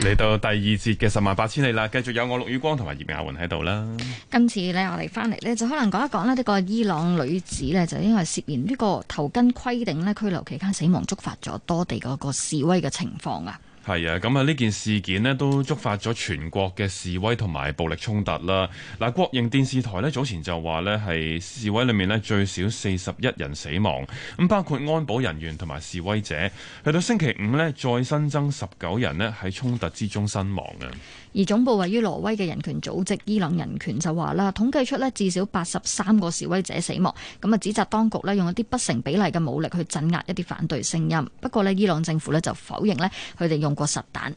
嚟到第二節嘅十萬八千里啦，繼續有我陸宇光同埋葉雅雲喺度啦。今次咧，我哋翻嚟咧，就可能講一講咧，呢個伊朗女子咧，就因為涉嫌呢個頭巾規定咧，拘留期間死亡，觸發咗多地嗰個示威嘅情況啊。係啊，咁啊呢件事件咧都觸發咗全國嘅示威同埋暴力衝突啦。嗱，國營電視台咧早前就話咧係示威裏面咧最少四十一人死亡，咁包括安保人員同埋示威者。去到星期五咧，再新增十九人咧喺衝突之中身亡嘅。而總部位於挪威嘅人權組織伊朗人權就話啦，統計出呢至少八十三個示威者死亡，咁啊，指責當局呢用一啲不成比例嘅武力去鎮壓一啲反對聲音。不過呢，伊朗政府呢就否認呢佢哋用過實彈。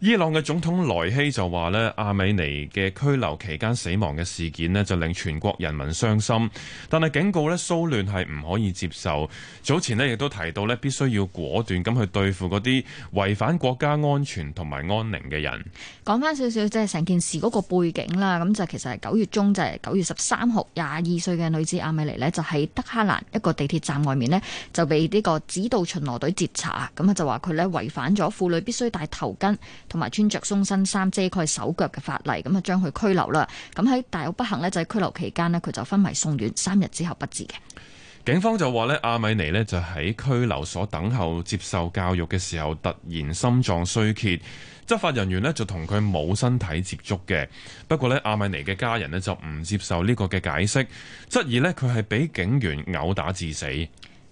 伊朗嘅總統萊希就話呢阿米尼嘅拘留期間死亡嘅事件呢，就令全國人民傷心。但係警告呢，騷亂係唔可以接受。早前呢，亦都提到呢，必須要果斷咁去對付嗰啲違反國家安全同埋安寧嘅人。講翻少少，即係成件事嗰個背景啦。咁就其實係九月中，就係、是、九月十三號，廿二歲嘅女子阿米尼呢，就喺、是、德黑蘭一個地鐵站外面呢，就被呢個指導巡邏隊截查，咁啊就話佢呢違反咗婦女必須戴頭巾，同埋穿着鬆身衫遮蓋手腳嘅法例，咁啊將佢拘留啦。咁喺大澳不幸咧，就喺拘留期間咧，佢就昏迷送院，三日之後不治嘅。警方就話呢，阿米尼呢就喺拘留所等候接受教育嘅時候，突然心臟衰竭。執法人員呢就同佢冇身體接觸嘅，不過呢，阿米尼嘅家人呢就唔接受呢個嘅解釋，質疑呢佢係俾警員毆打致死。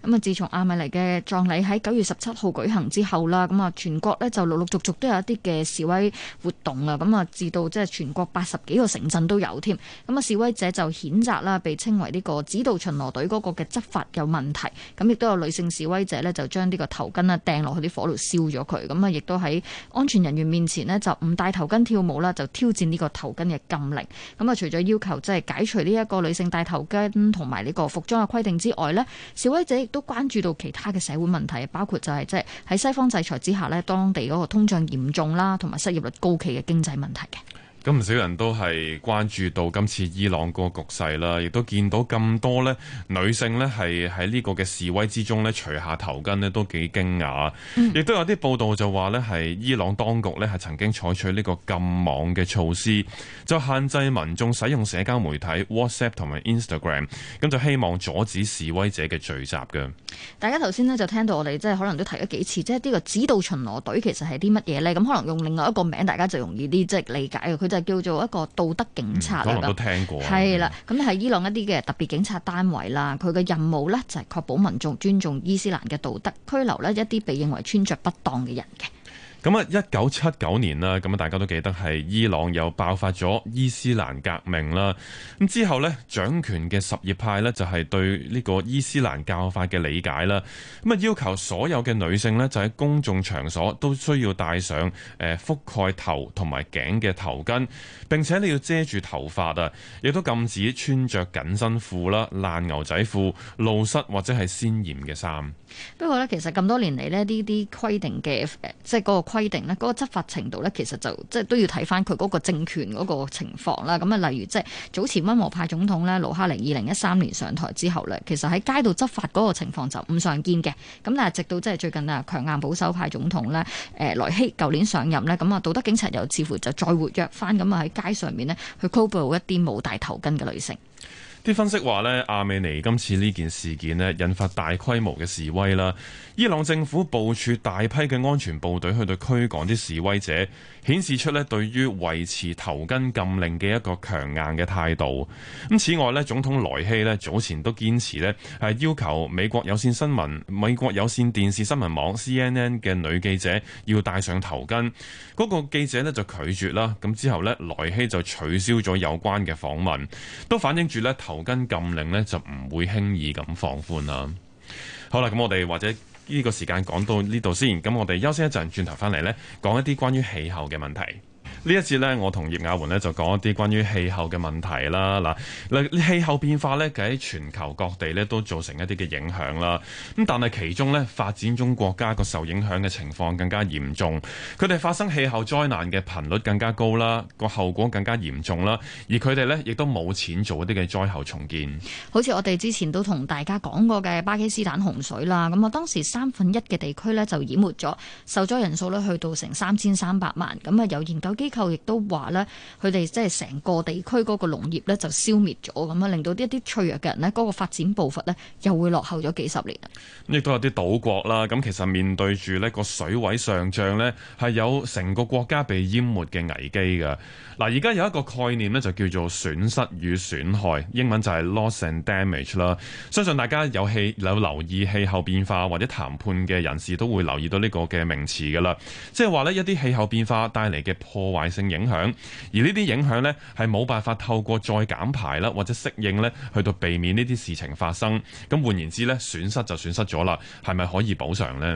咁啊，自從阿米尼嘅葬禮喺九月十七號舉行之後啦，咁啊，全國咧就陸陸續續都有一啲嘅示威活動啊，咁啊，至到即係全國八十幾個城鎮都有添。咁啊，示威者就譴責啦，被稱為呢個指導巡邏隊嗰個嘅執法有問題，咁亦都有女性示威者咧，就將呢個頭巾啊掟落去啲火爐燒咗佢。咁啊，亦都喺安全人員面前咧，就唔戴頭巾跳舞啦，就挑戰呢個頭巾嘅禁令。咁啊，除咗要求即係解除呢一個女性戴頭巾同埋呢個服裝嘅規定之外咧，示威者都關注到其他嘅社會問題，包括就係即係喺西方制裁之下咧，當地嗰個通脹嚴重啦，同埋失業率高企嘅經濟問題嘅。咁唔少人都係關注到今次伊朗個局勢啦，亦都見到咁多咧女性咧係喺呢個嘅示威之中咧除下頭巾咧都幾驚訝，亦都有啲報道就話咧係伊朗當局咧係曾經採取呢個禁網嘅措施，就限制民眾使用社交媒體 WhatsApp 同埋 Instagram，咁就希望阻止示威者嘅聚集嘅。嗯、大家頭先咧就聽到我哋即係可能都提咗幾次，即係呢個指導巡邏隊其實係啲乜嘢呢？咁可能用另外一個名，大家就容易啲即係理解。就叫做一個道德警察、嗯、都聽過啦，係啦，咁係伊朗一啲嘅特別警察單位啦，佢嘅任務咧就係確保民眾尊重伊斯蘭嘅道德，拘留咧一啲被認為穿着不當嘅人嘅。咁啊，一九七九年啦，咁啊，大家都記得係伊朗又爆發咗伊斯蘭革命啦。咁之後咧，掌權嘅什葉派咧，就係、是、對呢個伊斯蘭教法嘅理解啦。咁啊，要求所有嘅女性咧，就喺公眾場所都需要戴上誒、呃、覆蓋頭同埋頸嘅頭巾，並且你要遮住頭髮啊，亦都禁止穿着緊身褲啦、爛牛仔褲、露膝或者係鮮艷嘅衫。不過咧，其實咁多年嚟咧，呢啲規定嘅誒，即係嗰個。規定呢嗰、那個執法程度呢，其實就即係都要睇翻佢嗰個政權嗰個情況啦。咁啊，例如即係早前溫和派總統咧，魯哈尼二零一三年上台之後呢，其實喺街道執法嗰個情況就唔常見嘅。咁但係直到即係最近啊，強硬保守派總統咧，誒、呃，萊希舊年上任呢，咁啊，道德警察又似乎就再活躍翻，咁啊喺街上面呢，去 cover 一啲冇戴頭巾嘅女性。啲分析話呢，阿美尼今次呢件事件呢，引發大規模嘅示威啦。伊朗政府部署大批嘅安全部隊去到驅趕啲示威者，顯示出呢，對於維持頭巾禁令嘅一個強硬嘅態度。咁此外呢，總統萊希呢，早前都堅持呢，係要求美國有線新聞、美國有線電視新聞網 C N N 嘅女記者要戴上頭巾，嗰、那個記者呢，就拒絕啦。咁之後呢，萊希就取消咗有關嘅訪問，都反映住呢，頭頭巾禁令呢，就唔會輕易咁放寬啦。好啦，咁我哋或者呢個時間講到呢度先，咁我哋休息一陣，轉頭翻嚟呢，講一啲關於氣候嘅問題。呢一次呢，我同葉亞媛呢就講一啲關於氣候嘅問題啦。嗱，嗱氣候變化呢，喺全球各地呢都造成一啲嘅影響啦。咁但係其中呢，發展中國家個受影響嘅情況更加嚴重，佢哋發生氣候災難嘅頻率更加高啦，個後果更加嚴重啦。而佢哋呢，亦都冇錢做一啲嘅災後重建。好似我哋之前都同大家講過嘅巴基斯坦洪水啦，咁啊當時三分一嘅地區呢，就淹沒咗，受災人數呢，去到成三千三百萬，咁啊有研究機後亦都話咧，佢哋即係成個地區個農業咧就消滅咗咁啊，令到一啲脆弱嘅人咧個發展步伐咧又會落後咗幾十年。亦都有啲島國啦，咁其實面對住咧個水位上漲咧，係有成個國家被淹沒嘅危機嘅。嗱，而家有一個概念咧就叫做損失與損害，英文就係 loss and damage 啦。相信大家有氣有留意氣候變化或者談判嘅人士都會留意到呢個嘅名詞噶啦，即係話咧一啲氣候變化帶嚟嘅破壞。性影響，而呢啲影響呢，係冇辦法透過再減排啦，或者適應呢，去到避免呢啲事情發生。咁換言之呢，損失就損失咗啦，係咪可以補償呢？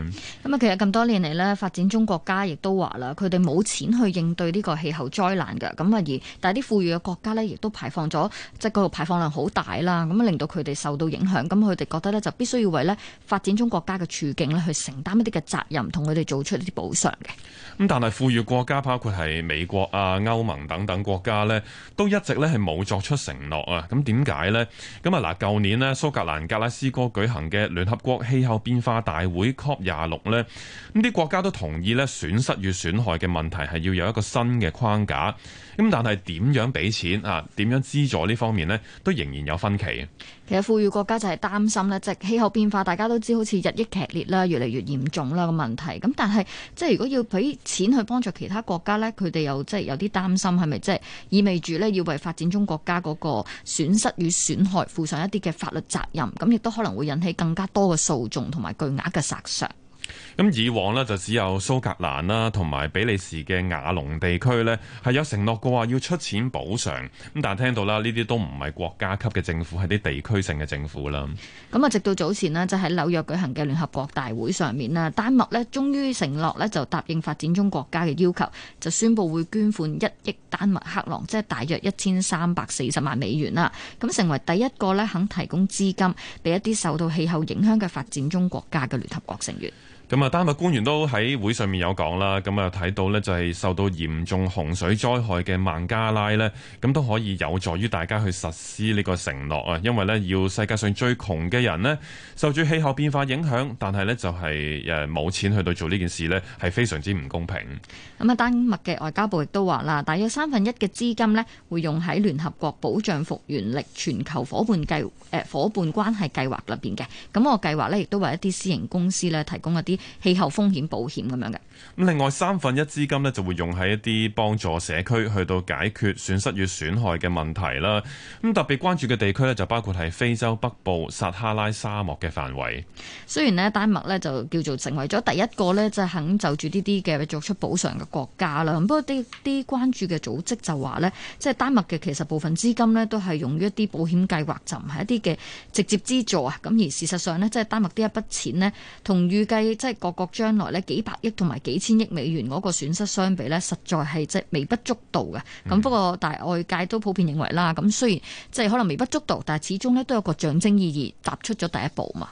咁啊，其實咁多年嚟呢，發展中國家亦都話啦，佢哋冇錢去應對呢個氣候災難㗎。咁啊而，但係啲富裕嘅國家呢，亦都排放咗，即係個排放量好大啦。咁啊，令到佢哋受到影響。咁佢哋覺得呢，就必須要為呢發展中國家嘅處境呢，去承擔一啲嘅責任，同佢哋做出呢啲補償嘅。咁但係富裕國家包括係美國啊、歐盟等等國家呢，都一直咧係冇作出承諾啊！咁點解呢？咁啊嗱，舊年呢，蘇格蘭格拉斯哥舉行嘅聯合國氣候變化大會 COP 廿六呢，咁啲國家都同意呢，損失與損害嘅問題係要有一個新嘅框架，咁但係點樣俾錢啊？點樣資助呢方面呢，都仍然有分歧。其實富裕國家就係擔心咧，即係氣候變化，大家都知好似日益劇烈啦，越嚟越嚴重啦個問題。咁但係即係如果要俾錢去幫助其他國家咧，佢哋又即係有啲擔心，係咪即係意味住咧要為發展中國家嗰個損失與損害負上一啲嘅法律責任？咁亦都可能會引起更加多嘅訴訟同埋巨額嘅賠償。咁以往咧就只有蘇格蘭啦，同埋比利時嘅瓦隆地區咧係有承諾過話要出錢補償。咁但係聽到啦，呢啲都唔係國家級嘅政府，係啲地區性嘅政府啦。咁啊，直到早前咧就喺紐約舉行嘅聯合國大會上面啦，丹麥咧終於承諾咧就答應發展中國家嘅要求，就宣布會捐款一億丹麥克朗，即係大約一千三百四十萬美元啦。咁成為第一個咧肯提供資金俾一啲受到氣候影響嘅發展中國家嘅聯合國成員。咁啊，丹麥官員都喺會上面有講啦。咁啊，睇到咧就係受到嚴重洪水災害嘅孟加拉咧，咁都可以有助於大家去實施呢個承諾啊。因為咧，要世界上最窮嘅人咧受住氣候變化影響，但係咧就係誒冇錢去到做呢件事咧，係非常之唔公平。咁啊，丹麥嘅外交部亦都話啦，大約三分一嘅資金咧會用喺聯合國保障復原力全球伙伴計誒伙伴關係計劃入邊嘅。咁個計劃咧亦都為一啲私營公司咧提供一啲。氣候風險保險咁樣嘅，咁另外三分一資金呢就會用喺一啲幫助社區去到解決損失與損害嘅問題啦。咁特別關注嘅地區呢，就包括係非洲北部撒哈拉沙漠嘅範圍。雖然呢，丹麥呢就叫做成為咗第一個呢，就肯就住呢啲嘅作出補償嘅國家啦。咁不過啲啲關注嘅組織就話呢，即係丹麥嘅其實部分資金呢，都係用於一啲保險計劃，就唔係一啲嘅直接資助啊。咁而事實上呢，即係丹麥呢一筆錢呢，同預計即係各國將來咧幾百億同埋幾千億美元嗰個損失相比咧，實在係即係微不足道嘅。咁、嗯、不過，但係外界都普遍認為啦。咁雖然即係可能微不足道，但係始終咧都有個象徵意義，踏出咗第一步嘛。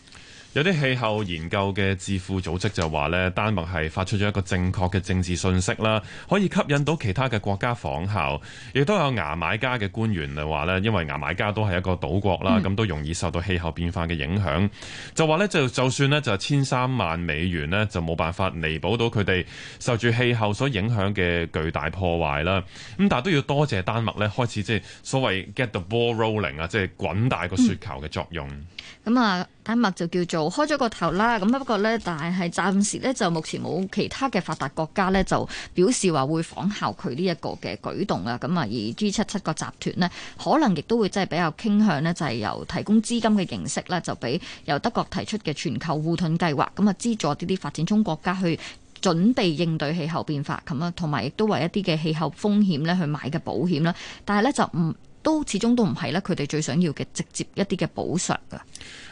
有啲氣候研究嘅智庫組織就話咧，丹麥係發出咗一個正確嘅政治信息啦，可以吸引到其他嘅國家仿效。亦都有牙買加嘅官員就話咧，因為牙買加都係一個島國啦，咁都容易受到氣候變化嘅影響。嗯、就話咧，就就算咧，就千三萬美元呢，就冇辦法彌補到佢哋受住氣候所影響嘅巨大破壞啦。咁但係都要多謝丹麥呢，開始即係所謂 get the ball rolling 啊，即係滾大個雪球嘅作用。咁啊、嗯呃，丹麥就叫做。開咗個頭啦，咁不過呢，但係暫時呢，就目前冇其他嘅發達國家呢，就表示話會仿效佢呢一個嘅舉動啊，咁啊，而 G 七七個集團呢，可能亦都會即係比較傾向呢，就係由提供資金嘅形式呢就俾由德國提出嘅全球護盾計劃，咁啊資助呢啲發展中國家去準備應對氣候變化，咁啊同埋亦都為一啲嘅氣候風險呢，去買嘅保險啦，但係呢，就唔。都始終都唔係咧，佢哋最想要嘅直接一啲嘅補償噶。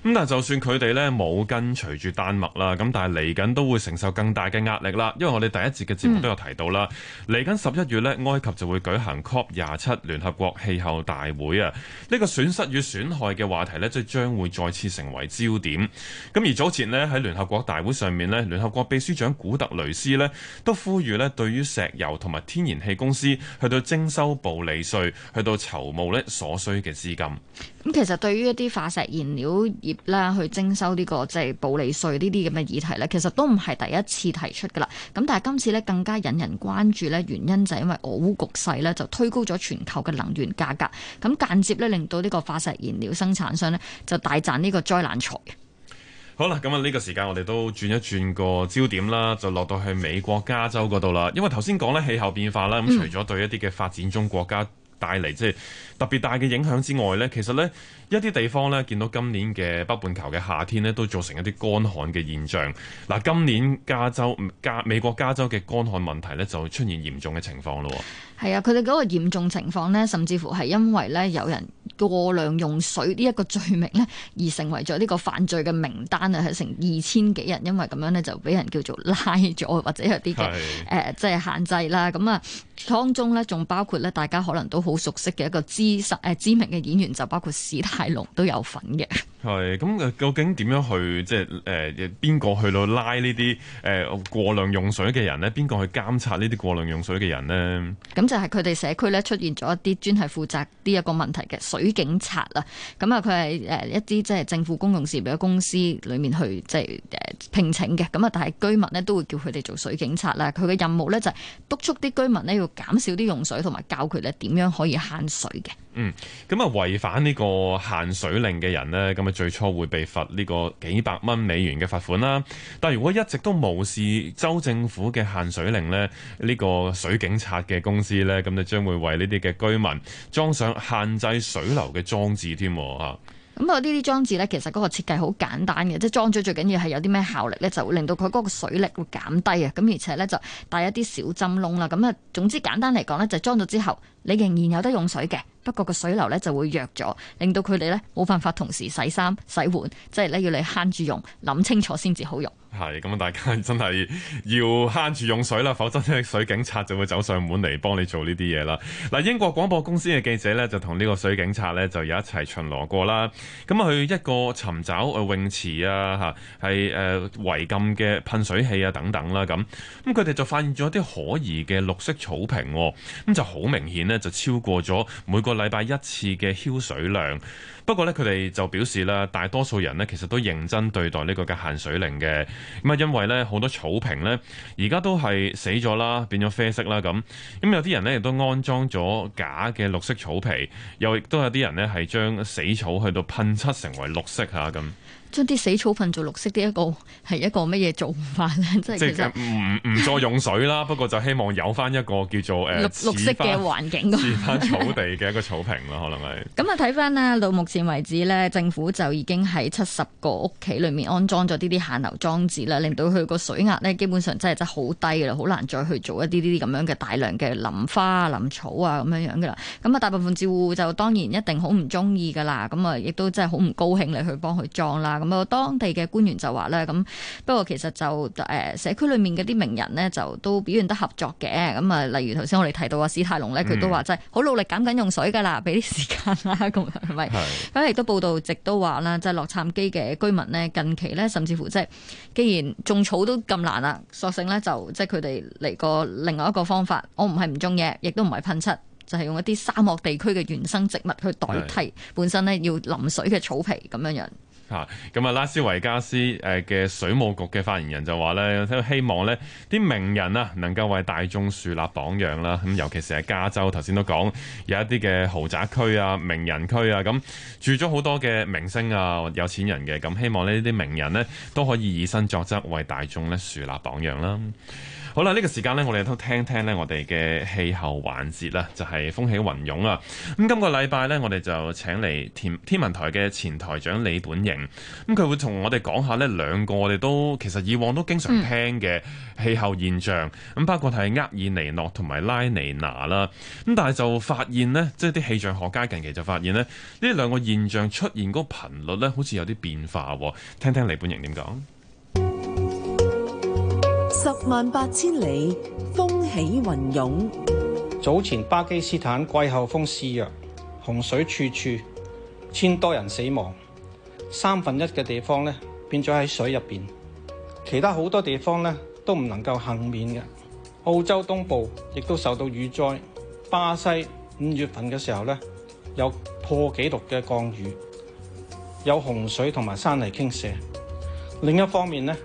咁但就算佢哋咧冇跟隨住丹麥啦，咁但係嚟緊都會承受更大嘅壓力啦。因為我哋第一節嘅節目都有提到啦，嚟緊十一月呢，埃及就會舉行 COP 廿七聯合國氣候大會啊！呢個損失與損害嘅話題咧，即係將會再次成為焦點。咁而早前呢，喺聯合國大會上面咧，聯合國秘書長古特雷斯咧都呼籲咧，對於石油同埋天然氣公司去到徵收暴利稅，去到籌募。所需嘅資金咁，其實對於一啲化石燃料業啦、這個，去徵收呢個即係暴利稅呢啲咁嘅議題呢，其實都唔係第一次提出噶啦。咁但係今次呢，更加引人關注呢原因就係因為俄烏局勢呢，就推高咗全球嘅能源價格，咁間接呢，令到呢個化石燃料生產商呢，就大賺呢個災難財。好啦，咁啊呢個時間我哋都轉一轉個焦點啦，就落到去美國加州嗰度啦。因為頭先講呢，氣候變化啦，咁除咗對一啲嘅發展中國家。嗯帶嚟即係特別大嘅影響之外呢，其實呢一啲地方呢，見到今年嘅北半球嘅夏天呢，都造成一啲乾旱嘅現象。嗱，啊，今年加州加美國加州嘅乾旱問題呢，就出現嚴重嘅情況咯。係啊，佢哋嗰個嚴重情況呢，甚至乎係因為呢有人過量用水呢一個罪名呢，而成為咗呢個犯罪嘅名單啊，係成二千幾人，因為咁樣呢，就俾人叫做拉咗或者有啲嘅誒，即係限制啦。咁啊。當中咧，仲包括咧，大家可能都好熟悉嘅一個知實誒知名嘅演員，就包括史泰龍都有份嘅。係，咁、嗯、究竟點樣去即係誒邊個去到拉呢啲誒過量用水嘅人咧？邊個去監察呢啲過量用水嘅人呢？咁就係佢哋社區咧出現咗一啲專係負責呢一個問題嘅水警察啦。咁、嗯、啊，佢係誒一啲即係政府公用事業嘅公司裡面去即係誒聘請嘅。咁啊，但係居民呢，都會叫佢哋做水警察啦。佢嘅任務咧就係、是、督促啲居民呢，要減少啲用水，同埋教佢咧點樣可以慳水嘅。嗯，咁啊違反呢個限水令嘅人呢，咁啊最初會被罰呢個幾百蚊美元嘅罰款啦。但如果一直都無視州政府嘅限水令呢，呢個水警察嘅公司呢，咁就將會為呢啲嘅居民裝上限制水流嘅裝置添啊。咁啊，呢啲裝置咧，其實嗰個設計好簡單嘅，即係裝咗最緊要係有啲咩效力咧，就會令到佢嗰個水力會減低啊！咁而且咧就帶一啲小針窿啦，咁啊，總之簡單嚟講咧，就裝咗之後，你仍然有得用水嘅，不過個水流咧就會弱咗，令到佢哋咧冇辦法同時洗衫洗碗，即係咧要你慳住用，諗清楚先至好用。係咁啊！大家真係要慳住用水啦，否則咧水警察就會走上門嚟幫你做呢啲嘢啦。嗱，英國廣播公司嘅記者呢，就同呢個水警察呢，就有一齊巡邏過啦。咁啊，去一個尋找誒泳池啊，嚇係誒違禁嘅噴水器啊等等啦。咁咁佢哋就發現咗啲可疑嘅綠色草坪，咁就好明顯呢，就超過咗每個禮拜一次嘅澆水量。不過咧，佢哋就表示啦，大多數人呢其實都認真對待呢個嘅限水令嘅。咁啊，因為咧好多草坪咧而家都係死咗啦，變咗啡色啦咁。咁有啲人呢，亦都安裝咗假嘅綠色草皮，又亦都有啲人呢，係將死草去到噴漆成為綠色嚇咁。將、啊、啲死草噴做綠色嘅一個，係一個乜嘢做法咧？即 係其實唔唔再用水啦。 不過就希望有翻一個叫做誒、呃、綠色嘅環境，綠色草地嘅一個草坪啦，可能係。咁啊， 睇翻啊，至為止咧，政府就已經喺七十個屋企裏面安裝咗呢啲限流裝置啦，令到佢個水壓咧基本上真係真係好低噶啦，好難再去做一啲啲啲咁樣嘅大量嘅淋花、淋草啊咁樣樣嘅啦。咁啊，大部分住戶就當然一定好唔中意噶啦，咁啊亦都真係好唔高興你去幫佢裝啦。咁啊，當地嘅官員就話咧，咁不過其實就誒、呃、社區裏面嗰啲名人呢，就都表現得合作嘅。咁啊，例如頭先我哋提到啊，史泰龍咧，佢都話真係好努力減緊用水噶啦，俾啲時間啦，咁係咪？反咁亦都報道直，直都話啦，即係洛杉磯嘅居民呢，近期呢，甚至乎即係，既然種草都咁難啦，索性呢就即係佢哋嚟過另外一個方法，我唔係唔種嘢，亦都唔係噴漆，就係、是、用一啲沙漠地區嘅原生植物去代替的本身呢要淋水嘅草皮咁樣樣。嚇咁啊拉斯維加斯誒嘅水務局嘅發言人就話咧，希望咧啲名人啊能夠為大眾樹立榜樣啦。咁尤其是係加州頭先都講有一啲嘅豪宅區啊、名人區啊，咁住咗好多嘅明星啊、有錢人嘅。咁希望呢啲名人咧都可以以身作則，為大眾咧樹立榜樣啦。好啦，呢、這個時間呢，我哋都聽聽呢，我哋嘅氣候環節啦，就係、是、風起雲湧啊！咁、嗯、今、這個禮拜呢，我哋就請嚟天天文台嘅前台長李本瀅，咁、嗯、佢會同我哋講下呢兩個我哋都其實以往都經常聽嘅氣候現象，咁、嗯、包括係厄爾尼諾同埋拉尼娜啦。咁、嗯、但係就發現呢，即係啲氣象學家近期就發現呢，呢兩個現象出現嗰頻率呢，好似有啲變化、啊。聽聽李本瀅點講？十萬八千里，風起雲湧。早前巴基斯坦季候風肆虐，洪水處處，千多人死亡，三分一嘅地方呢變咗喺水入邊，其他好多地方呢都唔能夠幸免嘅。澳洲東部亦都受到雨災，巴西五月份嘅時候呢有破紀錄嘅降雨，有洪水同埋山泥傾瀉。另一方面呢。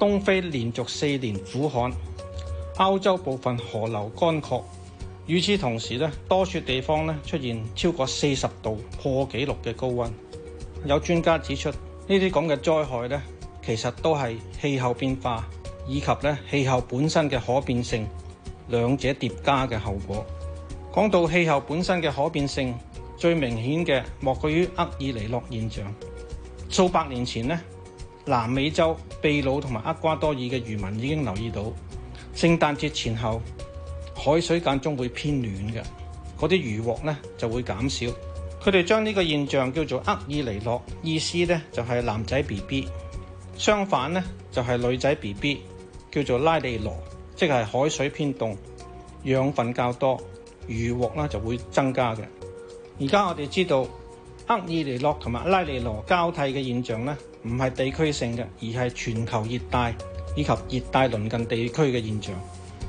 東非連續四年苦旱，歐洲部分河流乾涸。與此同時咧，多處地方咧出現超過四十度破紀錄嘅高温。有專家指出，呢啲咁嘅災害咧，其實都係氣候變化以及咧氣候本身嘅可變性兩者疊加嘅後果。講到氣候本身嘅可變性，最明顯嘅莫過於厄爾尼諾現象。數百年前咧。南美洲秘魯同埋厄瓜多爾嘅漁民已經留意到，聖誕節前後海水間中會偏暖嘅，嗰啲魚獲呢就會減少。佢哋將呢個現象叫做厄爾尼諾，意思呢就係、是、男仔 BB，相反呢，就係、是、女仔 BB，叫做拉尼娜，即係海水偏凍，養分較多，魚獲呢就會增加嘅。而家我哋知道。厄爾尼諾同埋拉尼娜交替嘅現象呢，唔係地區性嘅，而係全球熱帶以及熱帶鄰近地區嘅現象。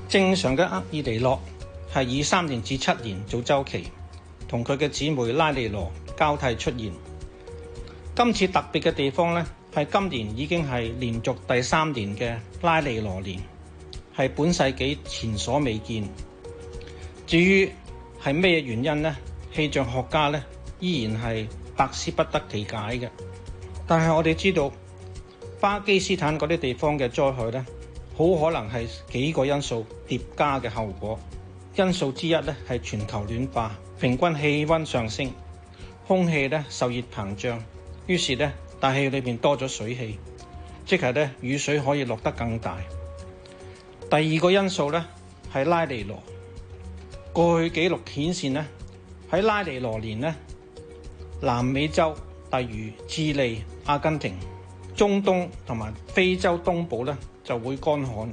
正常嘅厄爾尼諾係以三年至七年做週期，同佢嘅姊妹拉尼娜交替出現。今次特別嘅地方呢，係今年已經係連續第三年嘅拉尼娜年，係本世紀前所未見。至於係咩原因呢？氣象學家呢。依然係百思不得其解嘅。但係我哋知道巴基斯坦嗰啲地方嘅災害呢，好可能係幾個因素疊加嘅後果。因素之一呢，係全球暖化，平均氣温上升，空氣呢，受熱膨脹，於是呢，大氣裏面多咗水氣，即係呢，雨水可以落得更大。第二個因素呢，係拉尼娜，過去紀錄顯示呢，喺拉尼娜年呢。南美洲，例如智利、阿根廷、中東同埋非洲東部咧，就會乾旱；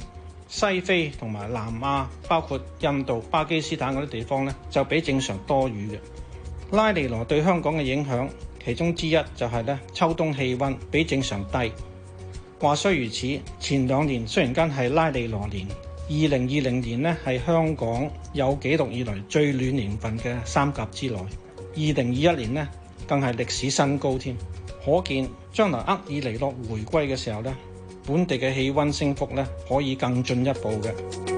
西非同埋南亞，包括印度、巴基斯坦嗰啲地方咧，就比正常多雨嘅。拉尼娜對香港嘅影響，其中之一就係咧秋冬氣温比正常低。話雖如此，前兩年雖然間係拉尼娜年，二零二零年呢係香港有記錄以來最暖年份嘅三甲之內，二零二一年呢。更係歷史新高添，可見將來厄爾尼諾回歸嘅時候呢，本地嘅氣温升幅呢，可以更進一步嘅。